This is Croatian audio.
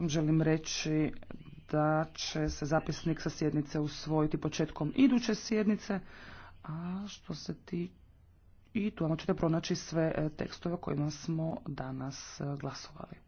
Želim reći da će se zapisnik sa sjednice usvojiti početkom iduće sjednice, a što se ti i tu ćete pronaći sve e, tekstove o kojima smo danas e, glasovali.